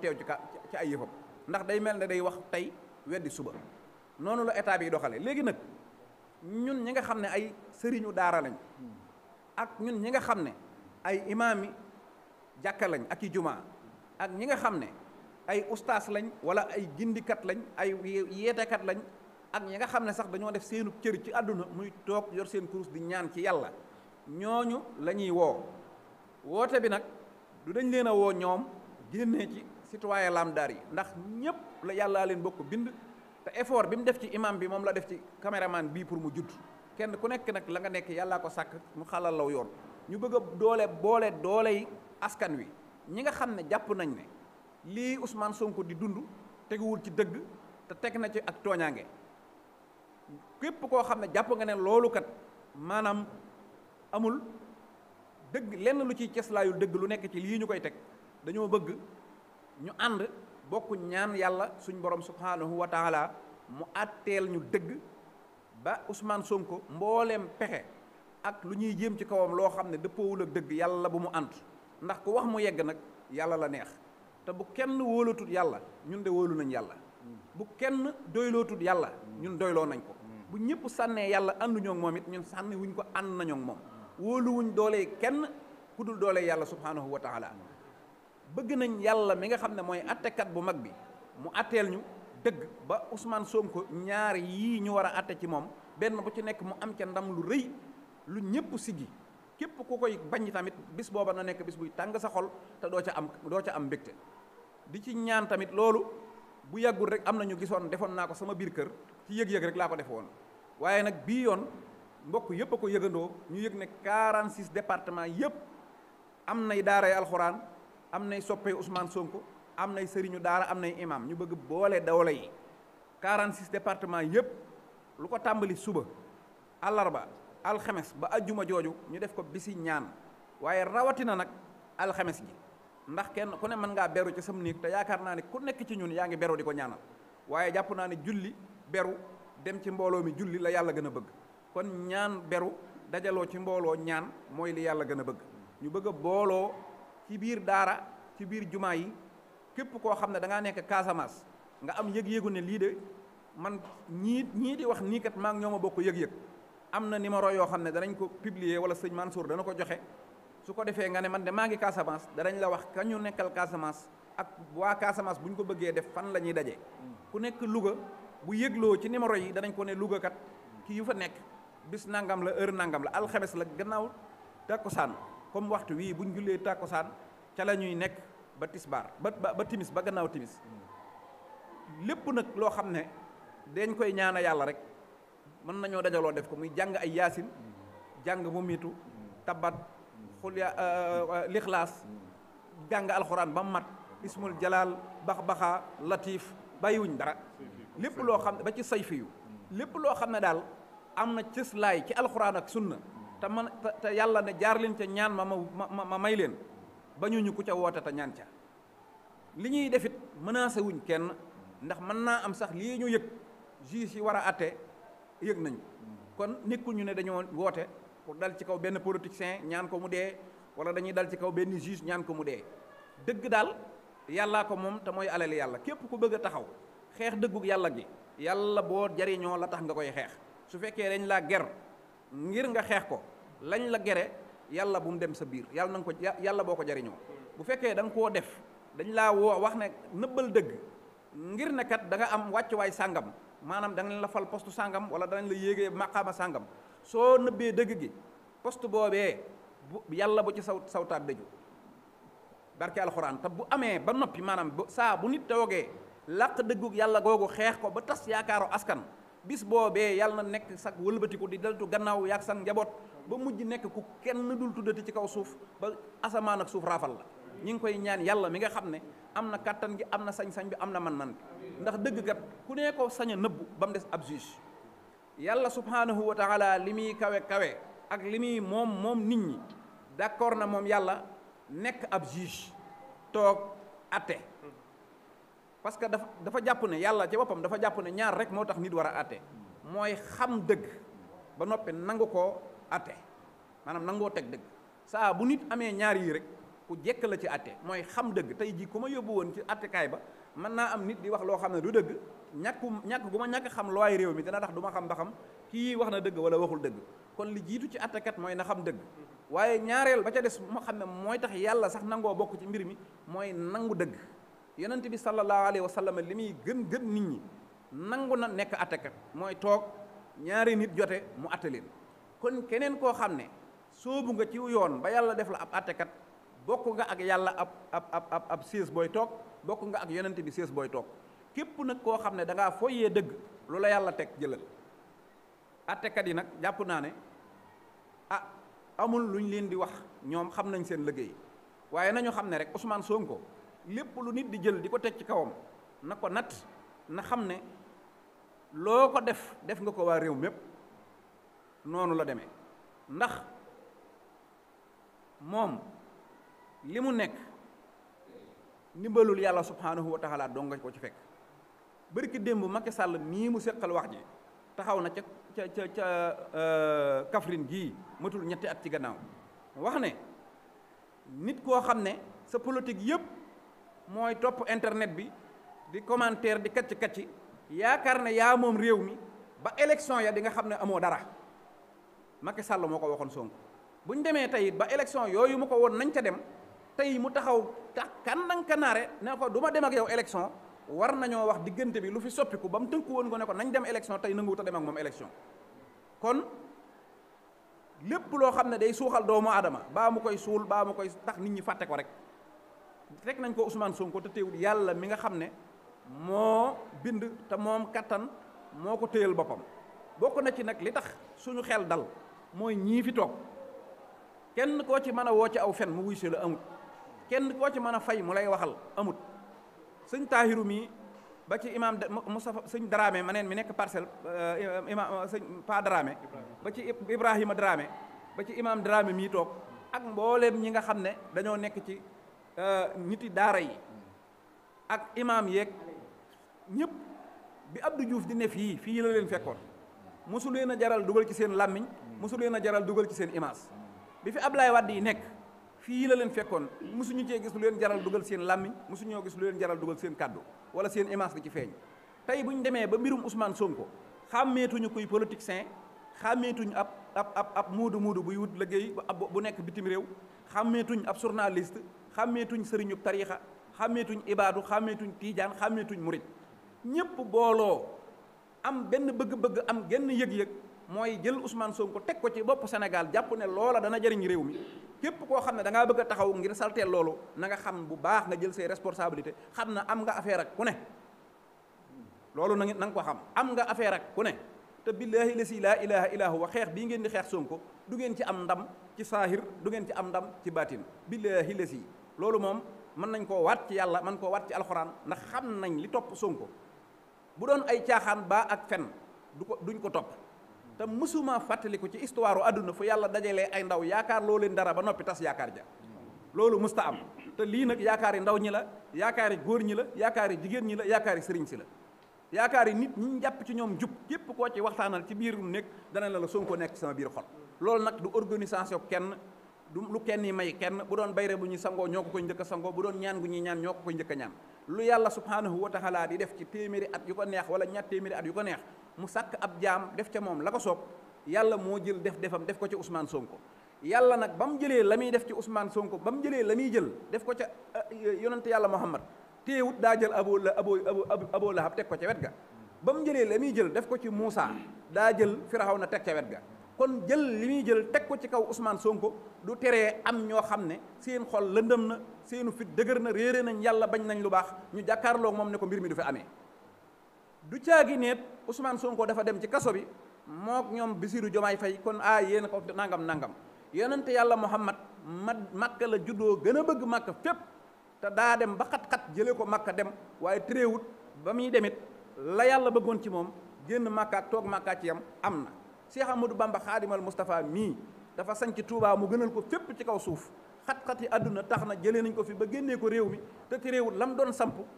teew ci ka ci ay yëfam ndax day mel ne day wax tey weddi suba noonu la état bi doxale léegi nag ñun ñi nga xam ne ay sëriñu daara lañ ak ñun ñi nga xam ne ay imaami jàkka lañ ak i jumaa ak ñi nga xam ne ay ustaas lañ wala ay gindikat lañ ay yeetekat lañ ak ñi nga xam ne sax dañoo def seenu cër ci àdduna muy toog yor seen kurus di ñaan ci yàlla ñooñu la ñuy woo woote bi nag du dañ leen woo ñoom génnee ci citoyen lamdaar yi ndax ñëpp la yàllaa leen bokk bind te effort bi mu def ci imam bi moom la def ci caméraman bii pour mu judd kenn ku nekk nag la nga nekk yàllaa ko sàkk mu xalal law yoon ñu bëgg a doole boole doole askan wi ñi nga xam ne jàpp nañ ne lii Ousmane Sonko di dund teguwul ci dëgg te teg na ci ak tooñaange képp koo xam ne jàpp nga ne loolu kat maanaam amul dëgg lenn lu ciy ceslaayul dëgg lu nekk ci lii ñu koy teg dañoo bëgg ñu ànd bokkuñ ñaan yàlla suñ borom subhanahu wa taala mu àtteel ñu dëgg ba Ousmane Sonko mbooleem pexe ak lu ñuy jéem ci kawam loo xam ne dëppoowul ak dëgg yàlla bu mu ànd ndax ku wax mu yegg nag yàlla la neex te bu kenn wóolatut yàlla ñun de wóolu nañ yàlla bu kenn doylootut yàlla ñun doyloo nañ ko bu ñëpp sànnee yàlla ànduñoo moom it ñun sànni ko ànd nañoo moom wóoluwuñ doole kenn ku dul doole yàlla subhanahu wa taala bëgg nañ yàlla mi nga xam ne mooy attekat bu mag bi mu atteel ñu dëgg ba Ousmane Sonko ñaar yi ñu war a atte ci moom benn bu ci nekk mu am ca ndam lu rëy lu ñëpp siggi képp ku koy bañ tamit bis booba na nekk bis buy tàng sa xol te doo ca am doo ca am mbégte di ci ñaan tamit loolu bu yàggul rek am na ñu gisoon defoon naa ko sama biir kër ci yëg-yëg rek laa ko def woon waaye nag bii yoon mbokk yëpp a ko yëgandoo ñu yëg ne 46 département yëpp am nay daaray alxuraan am nay soppee Ousmane sonk am nay sëriñu daara am nay imam ñu bëgg boole dawla yi 46 département yëpp lu ko tàmbali suba àllarba alxemes ba ajjuma jooju ñu def ko bisi ñaan waaye rawatina nag alxemes gi ndax kenn ku ne mën ngaa beru ci sam néeg te yaakaar naa ne ku nekk ci ñun yaa ngi beru di ko ñaanal waaye jàpp naa ne julli beru dem ci mbooloo mi julli la yàlla gën a bëgg kon ñaan beru dajaloo ci mbooloo ñaan mooy li yàlla gën a bëgg ñu ci biir daara ci biir jumaa yi képp koo xam ne da ngaa nekk Casamance nga am yëg-yëgu ne lii de man ñii ñii di wax nii kat maa ngi ñoo ma bokk yëg-yëg am na numéro yoo xam ne danañ ko publier wala sëñ Mansour dana ko joxe su ko defee nga ne man de maa ngi Casamance danañ la wax ka ñu nekkal Casamance ak waa Casamance bu ñu ko bëggee def fan la ñuy daje. ku nekk Louga bu yëgloo ci numéro yi danañ ko ne Louga kat kii yu fa nekk bis nangam la heure nangam la alxames la gannaaw takkusaan comme waxtu wii buñ jullee tàkkusaan ca la ñuy nekk ba tisbaar ba ba timis ba gannaaw timis lépp nag loo xam ne dañ koy ñaana yàlla rek mën nañoo dajaloo def ko muy jàng ay yaasin jàng mu miitu tabat xulya euh, euh, lixlaas jàng alxuraan ba mat ismul jalaal bax baxaa latiif bàyyiwuñ dara lépp loo xam ne ba ci sayfiyu lépp loo xam ne daal am na cëslaay ci alxuraan ak sunna te man te yàlla ne jaar leen ca ñaan ma ma ma may leen ba ñu ñu ku ca woote te ñaan ca li ñuy defit menacé wuñ kenn ndax mën naa am sax lii ñu yëg juge yi war a atte yëg nañ kon nekkul ñu ne dañoo woote pour dal ci kaw benn politicien ñaan ko mu dee wala dañuy dal ci kaw benn juge ñaan ko mu dee dëgg daal yàllaa ko moom te mooy alali yàlla képp ku bëgg a taxaw xeex dëggu yàlla gi yàlla boo jariñoo la tax nga koy xeex su fekkee dañ laa ger ngir nga xeex ko lañ la gere yàlla bu mu dem sa biir yàlla na ko yàlla boo ko jariñoo bu fekkee da nga koo def dañ laa woo wax ne nëbbal dëgg ngir ne kat da nga am wàccuwaay sàngam maanaam da nga la fal poste sàngam wala danañ la yéegee maqaama sàngam soo nëbbee dëgg gi poste boobee bu yàlla bu ci saw sawtaat dëju barke alxuraan te bu amee ba noppi maanaam saa bu nit toogee làq dëggu yàlla googu xeex ko ba tas yaakaaru askan bis boobee yàlla na nekk sag wëlbatiku di deltu gannaaw yaag sag njaboot ba mujj nekk ku kenn dul tuddati ci kaw suuf ba asamaan ak suuf raafal la ñi ngi koy ñaan yàlla mi nga xam ne am na kàttan gi am na sañ-sañ bi am na man-man bi ndax dëgg kat ku ne ko sañ a nëbbu ba mu des ab juge yàlla subhanahu wa taala li muy kawe kawe ak li muy moom moom nit ñi d'accord na moom yàlla nekk ab juge toog atte parce que dafa dafa jàpp ne yàlla ci boppam dafa jàpp ne ñaar rek moo tax nit war a àtte mooy xam dëgg ba noppi nangu koo àtte maanaam nangoo teg dëgg saa bu nit amee ñaar yii rek ku jekk la ci àtte mooy xam dëgg tey jii ku ma yóbbu woon ci àttekaay ba mën naa am nit di wax loo xam ne du dëgg ñàkkum ñàkk gu ma ñàkk xam looy réew mi dina tax du ma xam xam kii wax na dëgg wala waxul dëgg kon li jiitu ci àttekat mooy na xam dëgg waaye ñaareel ba ca des bu ma xam ne mooy tax yàlla sax nangoo bokk ci mbir mi mooy nangu dëgg yonent bi sallallahu alayhi wa li muy gën gën nit ñi nangu na nekk attekat mooy toog ñaari nit jote mu atte kon keneen koo xam ne soobu nga ci yoon ba yàlla def la ab attekat bokk nga ak yàlla ab ab ab ab booy toog bokk nga ak yonent bi siis booy toog képp nag koo xam ne da ngaa foyee dëgg lu la yàlla teg jëlal attekat yi nag jàpp naa ne ah amul luñ leen di wax ñoom xam nañ seen liggéey waaye nañu xam ne rek Ousmane ko lépp lu nit di jël di ko teg ci kawam na ko nat na xam ne loo ko def def nga ko waa réew mépp noonu la deme ndax moom li mu nekk ndimbalul yàlla subhanahu wa taala dong nga ko ci fekk bërki démb Macky sàll mii mu seqal wax ji taxaw na ca ca ca ca euh, Kaffrine gii matul ñetti at ci gannaaw wax ne nit koo xam ne sa politique yëpp mooy topp internet bi di commentaire di kacc kacc yaakaar ne yaa moom réew mi ba élection ya di nga xam ne amoo dara Macky Sall moo ko waxoon Sonko bu ñu demee tey ba élection yooyu mu ko woon nañ ca dem tey mu taxaw tax kànnaŋ kanaare ne ko du ma dem ak yow élection war nañoo wax diggante bi lu fi soppiku ba mu tënku woon ko ne ko nañ dem élection tey nanguwut a dem ak moom élection kon lépp loo xam ne day suuxal doomu aadama baa mu koy suul baa mu koy tax nit ñi fàtte ko rek. teg nañ ko Ousmane ko te teewul yàlla mi nga xam ne moo bind te moom kattan moo ko téyal boppam bokk na ci nag li tax suñu xel dal mooy ñii fi toog kenn koo ci mën a woo ci aw fen mu wuy si la amut kenn koo ci mën a fay mu lay waxal amut sëñ taahiru mii ba ci imaam Moustapha sëñ Dramé ma neen mi nekk parcelle euh, imaam sëñ Pa Dramé ba ci Ibrahima Dramé ba ci imaam Dramé mii toog ak mbooleem ñi nga xam ne dañoo nekk ci Euh, niti daara yi ak imaam yeeg ñëpp bi Abdou juuf di ne fii fii la leen fekkoon mosu leen a jaral dugal ci seen làmmiñ mosu leen a jaral dugal ci seen image bi fi ab lay Wade yi nekk fii la leen fekkoon mosuñu cee gis lu leen jaral dugal seen làmmiñ mësuñoo gis lu leen jaral dugal seen kàddu wala seen image di ci feeñ tey bu ñu demee ba mbirum Ousmane Sonko xàmmeetuñu kuy politicien xàmmeetuñu ab ab ab ab muudu muudu buy wut liggéey bu nekk bitim réew xàmmeetuñ ab journaliste xàmmeetuñ sëriñub tariixa xàmmeetuñ ibaadu xàmmeetuñ tiijaan xàmmeetuñ murit ñépp booloo am benn bëgg-bëgg am genn yëg-yëg mooy jël Ousmane Sonko teg ko ci bopp senegal jàpp ne loola dana jëriñ réew mi képp koo xam ne da ngaa bëgg a taxaw ngir salteel loolu na nga xam bu baax nga jël say responsabilité xam na am nga affaire ak ku ne loolu na nga ko xam am nga affaire ak ku ne te billaahi la si laa ilaha illaa huwa xeex bii ngeen di xeex Sonko du ngeen ci am ndam ci saahir du ngeen ci am ndam ci baatin billaahi si loolu moom mën nañ koo waat ci yàlla mën koo waat ci alxuraan ndax xam nañ li topp Sonko bu doon ay caaxaan baa ak fen du ko duñ ko topp te mësuma fàttaliku ci histoire àdduna fu yàlla dajalee ay ndaw yaakaar loo leen dara ba noppi tas yaakaar ja loolu musta am te lii nag yaakaari ndaw ñi la yaakaari góor ñi la yaakaari jigéen ñi la yaakaari sëriñ si la yaakaar yi nit ñi ñu jàpp ci ñoom jub képp koo ci waxtaanal ci biir nekk dana la la Sonko nekk sama biir xol loolu nag du organisation kenn du lu kenn yi may kenn bu doon bayre bu ñuy sangoo ñoo ko koy njëkk sangoo bu doon ñaan gu ñuy ñaan ñoo ko koy njëkk a ñaan lu yàlla subhanahu wa di def ci téeméeri at yu ko neex wala ñaar téeméeri at yu ko neex mu sàkk ab jaam def ca moom la ko soob yàlla moo jël def defam def ko ci Ousmane Sonko yàlla nag ba mu jëlee la muy def ci Ousmane Sonko ba mu jëlee la muy jël def ko ca ah, yonent yàlla Muhammad téewut daa jël aboo la abo abo lahab teg ko ca wet ga ba mu jëlee la muy jël def ko ci muusa daa jël Firaw na teg ca wet ga kon jël li muy jël teg ko ci kaw Ousmane Sonko du teree am ñoo xam ne seen xol lëndëm na seenu fit dëgër na réere nañ yàlla bañ nañ lu baax ñu jàkkaarloo moom ne ko mbir mi du fi amee du caagi neet Ousmane Sonko dafa dem ci kaso bi mook ñoom Bisiru Jomaay Fay kon ah yéen ko nangam nangam yonente yàlla Muhammad ma Makka la juddoo gën a bëgg Makka fépp te daa dem ba xat-xat jëlee ko Makka dem waaye tréewut ba muy demit la yàlla bëggoon ci moom génn Makka ak toog yam am na Cheikh Amadou Bamba xaadimal Moustapha mii dafa sanc Touba mu gënal ko fépp ci kaw suuf xat-xati àdduna tax na jëlee nañ ko fi ba génnee ko réew mi te terewul lam doon samp